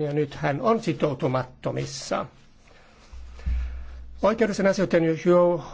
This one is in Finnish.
ja nyt hän on sitoutumattomissa. Oikeudellisen asioiden